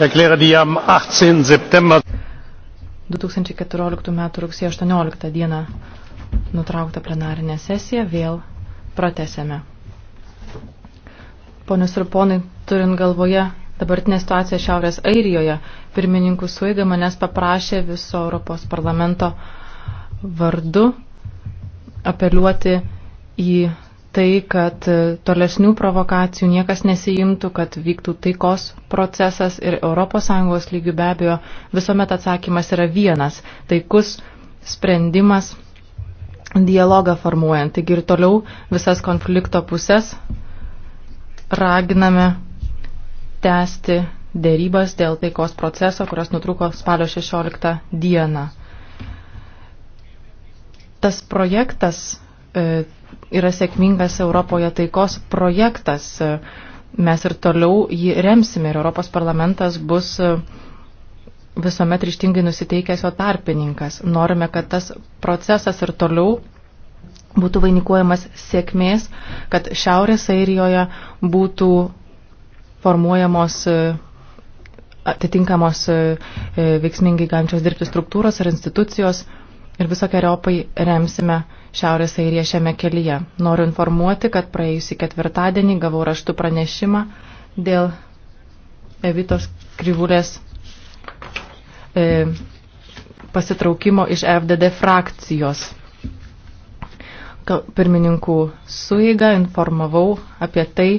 erkläre die am 18. September 2014 m. rugsėjo 18 dieną nutrauktą plenarinę sesiją vėl pratesėme. Ponius ir ponai, turint galvoje dabartinę situaciją Šiaurės Airijoje, pirmininkų suiga manęs paprašė viso Europos parlamento vardu apeliuoti į tai, kad e, tolesnių provokacijų niekas nesijimtų, kad vyktų taikos procesas ir ES lygių be abejo visuomet atsakymas yra vienas - taikus sprendimas dialogą formuojant. Taigi ir toliau visas konflikto pusės raginame tęsti dėrybas dėl taikos proceso, kurios nutruko spalio 16 dieną. Tas projektas e, yra sėkmingas Europoje taikos projektas. Mes ir toliau jį remsime ir Europos parlamentas bus e, visuomet ryštingai nusiteikęs jo tarpininkas. Norime, kad tas procesas ir toliau būtų vainikuojamas sėkmės, kad Šiaurės Airijoje būtų formuojamos e, atitinkamos e, veiksmingai galinčios dirbti struktūros ar institucijos, ir visokiojopai remsime Šiaurės Airiją šiame kelyje. Noriu informuoti, kad praėjusį ketvirtadienį gavau raštų pranešimą dėl Evitos Krivulės e, pasitraukimo iš FDD frakcijos. Pirmininkų suiga informavau apie tai,